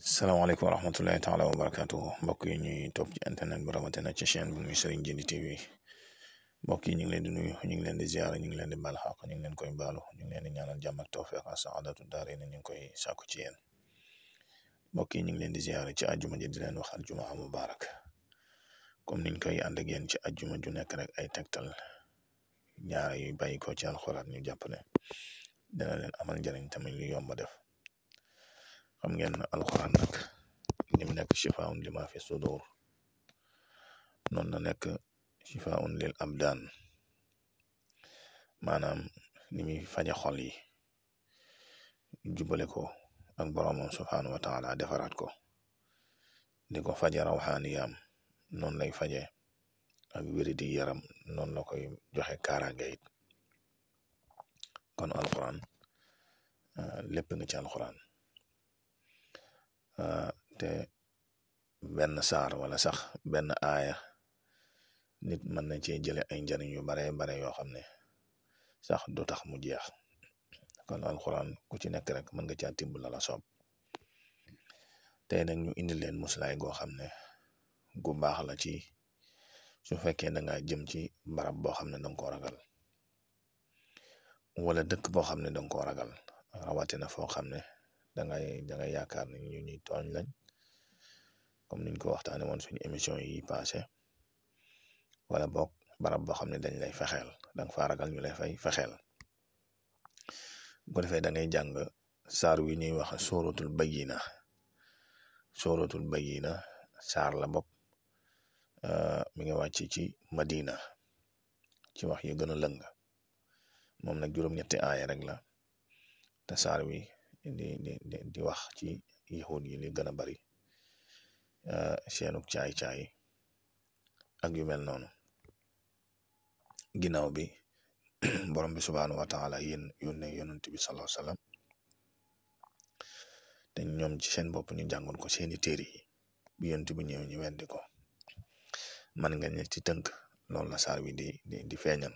salaamaaleykum wa rahmatullahi taala wa barakaatu mbokk yi ñuy topp ci internet bu rawatina ci chaîne bu muy Serigne Djily TV mbokk yi ñu ngi leen di nuyu ñu ngi leen di ziar ñu ngi leen di baal xaq leen koy baalu ñu ngi leen di ñaanal jàmm ak tawfiq ak saadatu daare ñu ngi koy sàkku ci yen mbokk yi ñu ngi leen di ziar ci àjjuma ji di leen wax àjjuma mubarak comme niñ koy ànd ak yéen ci àjjuma ju nekk rek ay tegtal ñaar yu bàyyi ko ci alxuraan ñu jàpp ne dana leen amal njëriñ tamit lu yomb def. xam ngeen ne alxuraan nag ni mu nekk shifaun lima fi sudur noonu na nekk shifaun lil abdaan maanaam ni muy faje xol yi jubale ko ak boromam subhaanahu wa taala defaraat ko di ko faje rawxaaniyaam noonu lay faje ak wéridi yaram noonu la koy joxe kaaraange it kon alxuraan ah, lépp nga ci alxuraan Euh, te benn saar wala sax benn aaya nit mën na cee jële ay njariñ yu bare bare yoo xam ne sax du tax mu jeex kon alxuraan ku ci nekk rek mën nga caa tibb la la soob tey nag ñu indi leen muslaay goo xam ne gu baax la ci su fekkee da nga jëm ci barab boo xam ne danga koo ragal wala dëkk boo xam ne danga koo ragal na foo xam ne da ngay da yaakaar ne ñu ñuy tooñ lañ comme niñ ko waxtaanee woon suñu émission yi passé wala boog barab boo xam ne dañ lay fexeel da nga ragal ñu lay fay fexeel bu ko defee da jàng saar wi ñuy wax sóoratul bayyina sóoratul bayyina saar la bopp euh, mi nga wàcc ci Madina ci wax yu gën a lëng moom nag juróom-ñetti aaya rek la te saar wi di di di wax ci yahud yi li gën a bari euh, seenug caay-caay ak yu mel noonu ginnaaw bi borom bi subhaanahu wa taala yéen yónnee yonent bi sallallahu alayhi wa te ñoom ci seen bopp ñu jàngoon ko seeni téere yi bi yonent bi ñëw ñu weddi ko man nga ñe ci tënk loolu la saar bi di di di feeñal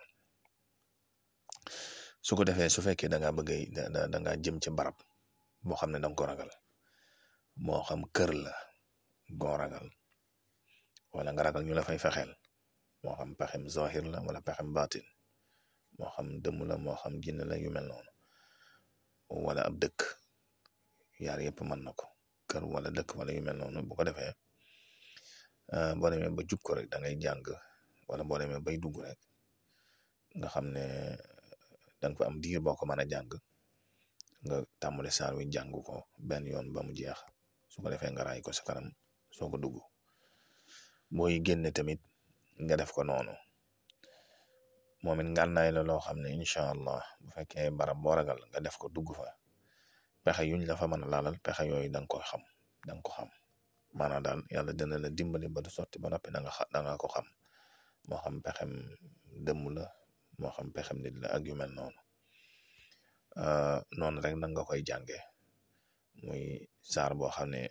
su ko defee su fekkee da ngaa bëgg da da jëm ci barab boo xam ne danga ko ragal moo xam kër la goo ragal wala nga ragal ñu la fay fexeel moo xam pexem zahir la wala pexem batin moo xam dëmm la moo xam jinn la yu mel noonu wala ab dëkk yar yëpp mën na ko kër wala dëkk wala yu mel noonu bu ko defee euh, boo demee ba jub ko rek da ngay jàng wala boo demee bay dugg rek nga xam ne da nga fa am diir boo ko mën a jàng nga tàmmale saar wi jàng ko benn yoon ba mu jeex su ko defee nga raay ko sa kanam soo ko dugg booy génne tamit nga def ko noonu moom it ngànnaay la loo xam ne incha allah bu fekkee barab boo ragal nga def ko dugg fa pexe yuñ la fa mën a laalal pexe yooyu da nga xam da ko xam maanaam daal yàlla dina na dimbali ba du sotti ba noppi da nga da nga ko xam moo xam pexem dëmm la moo xam pexem nit la ak yu noonu. Euh, noonu rek na nga koy jànge muy saar boo xam ne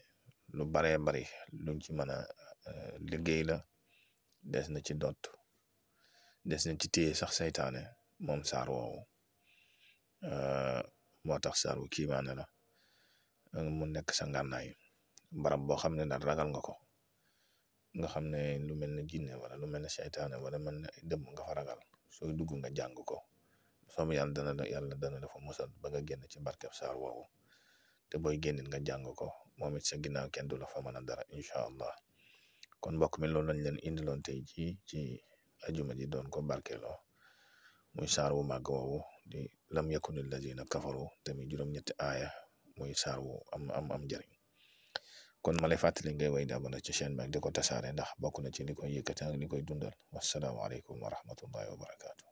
lu baree bari lu ci mën a euh, liggéey la des na ci dot des na ci téye sax saytaane moom saar woowu euh, moo tax saar wu kiimaane la mu nekk sa ngànnaay barab boo xam ne daal ragal nga ko nga xam ne lu mel ne jinne wala lu mel ne saytaane wala mel ne ay dëmm nga fa ragal sooy dugg nga jàng ko som yàlla dana la yàlla dana la fa musal ba nga ci barkeb saar woowu te booy génnit nga jàng ko moom it sa ginnaaw kenn du la fa mën a dara incha allah kon mbokk mi loolu lañ leen indiloon tey jii ci ajuma ji doon ko barkeeloo muy saar wu màgg woowu di lam yakunil lazina kafaru te muy juróom-ñetti aaya muy saar wu am am am njëriñ kon ma lay fàttali ngay way di abonné ci chaîne ma di ko tasaare ndax bokk na ci li koy yëkkati ak li koy dundal wasalaamaaleykum wa rahmatullahi wa barakaatu.